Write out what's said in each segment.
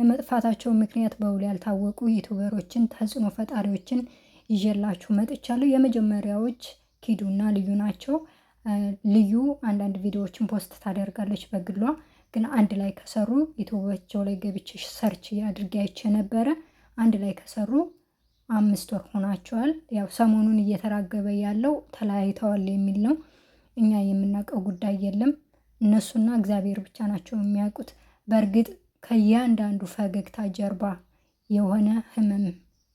ለመጥፋታቸው ምክንያት በውል ያልታወቁ ዩቱበሮችን ተጽዕኖ ፈጣሪዎችን ይዤላችሁ መጥቻለሁ። የመጀመሪያዎች ኪዱና ልዩ ናቸው። ልዩ አንዳንድ ቪዲዮዎችን ፖስት ታደርጋለች በግሏ ግን አንድ ላይ ከሰሩ ዩቱባቸው ላይ ገብቼ ሰርች አድርጌ አይቼ ነበረ። አንድ ላይ ከሰሩ አምስት ወር ሆናቸዋል። ያው ሰሞኑን እየተራገበ ያለው ተለያይተዋል የሚል ነው። እኛ የምናውቀው ጉዳይ የለም። እነሱና እግዚአብሔር ብቻ ናቸው የሚያውቁት በእርግጥ ከእያንዳንዱ ፈገግታ ጀርባ የሆነ ህመም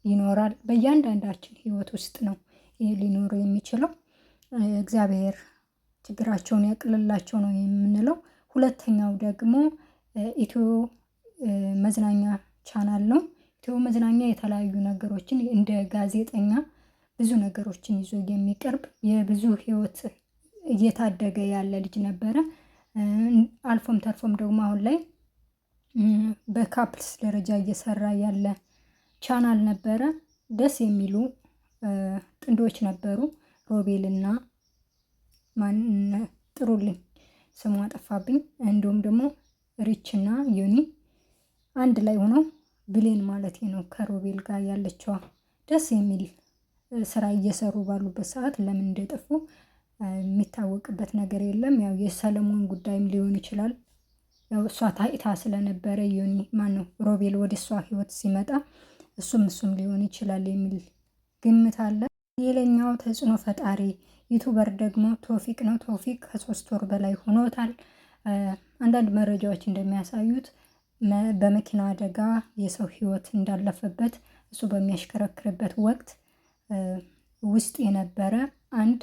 ይኖራል። በእያንዳንዳችን ህይወት ውስጥ ነው ይህ ሊኖር የሚችለው። እግዚአብሔር ችግራቸውን ያቅልላቸው ነው የምንለው። ሁለተኛው ደግሞ ኢትዮ መዝናኛ ቻናል ነው። ኢትዮ መዝናኛ የተለያዩ ነገሮችን እንደ ጋዜጠኛ ብዙ ነገሮችን ይዞ የሚቀርብ የብዙ ህይወት እየታደገ ያለ ልጅ ነበረ። አልፎም ተርፎም ደግሞ አሁን ላይ በካፕልስ ደረጃ እየሰራ ያለ ቻናል ነበረ። ደስ የሚሉ ጥንዶች ነበሩ። ሮቤልና ማን ጥሩልኝ ስሙ አጠፋብኝ። እንዲሁም ደግሞ ሪችና ዮኒ አንድ ላይ ሆነው ብሌን ማለት ነው ከሮቤል ጋር ያለችዋ ደስ የሚል ስራ እየሰሩ ባሉበት ሰዓት ለምን እንደጠፉ የሚታወቅበት ነገር የለም። ያው የሰለሞን ጉዳይም ሊሆን ይችላል። እሷ ታይታ ስለነበረ ዮኒ ማን ነው ሮቤል ወደ እሷ ህይወት ሲመጣ እሱም እሱም ሊሆን ይችላል የሚል ግምት አለ። ሌላኛው ተጽዕኖ ፈጣሪ ዩቱበር ደግሞ ቶፊቅ ነው። ቶፊቅ ከሶስት ወር በላይ ሆኖታል። አንዳንድ መረጃዎች እንደሚያሳዩት በመኪና አደጋ የሰው ህይወት እንዳለፈበት እሱ በሚያሽከረክርበት ወቅት ውስጥ የነበረ አንድ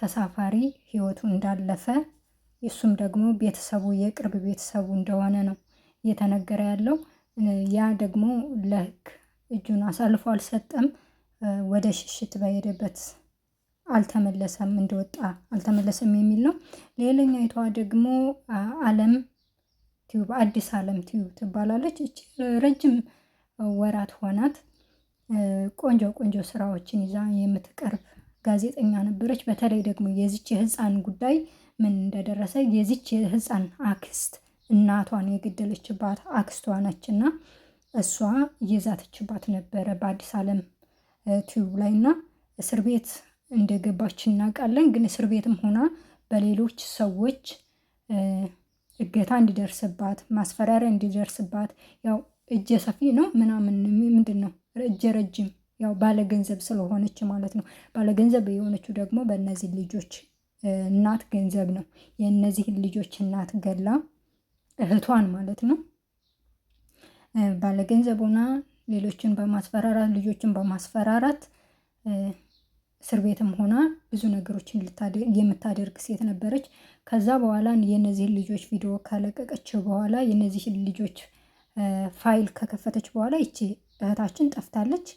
ተሳፋሪ ህይወቱ እንዳለፈ እሱም ደግሞ ቤተሰቡ የቅርብ ቤተሰቡ እንደሆነ ነው እየተነገረ ያለው። ያ ደግሞ ለህግ እጁን አሳልፎ አልሰጠም። ወደ ሽሽት በሄደበት አልተመለሰም፣ እንደወጣ አልተመለሰም የሚል ነው። የተዋ ደግሞ አለም ቲዩብ አዲስ አለም ቲዩብ ትባላለች። እች ረጅም ወራት ሆናት ቆንጆ ቆንጆ ስራዎችን ይዛ የምትቀርብ ጋዜጠኛ ነበረች። በተለይ ደግሞ የዚች የህፃን ጉዳይ ምን እንደደረሰ የዚች የህፃን አክስት እናቷን የገደለችባት አክስቷ ነች እና እሷ እየዛተችባት ነበረ በአዲስ ዓለም ቲዩብ ላይ እና እስር ቤት እንደገባች እናውቃለን። ግን እስር ቤትም ሆና በሌሎች ሰዎች እገታ እንዲደርስባት ማስፈራሪያ እንዲደርስባት ያው እጀ ሰፊ ነው ምናምን ምንድን ነው እጀ ረጅም ያው ባለገንዘብ ስለሆነች ማለት ነው። ባለገንዘብ የሆነችው ደግሞ በእነዚህ ልጆች እናት ገንዘብ ነው። የእነዚህን ልጆች እናት ገላ እህቷን ማለት ነው ባለገንዘብ ሆና ሌሎችን በማስፈራራት ልጆችን በማስፈራራት እስር ቤትም ሆና ብዙ ነገሮችን የምታደርግ ሴት ነበረች። ከዛ በኋላ የእነዚህን ልጆች ቪዲዮ ካለቀቀች በኋላ የእነዚህን ልጆች ፋይል ከከፈተች በኋላ ይቺ እህታችን ጠፍታለች።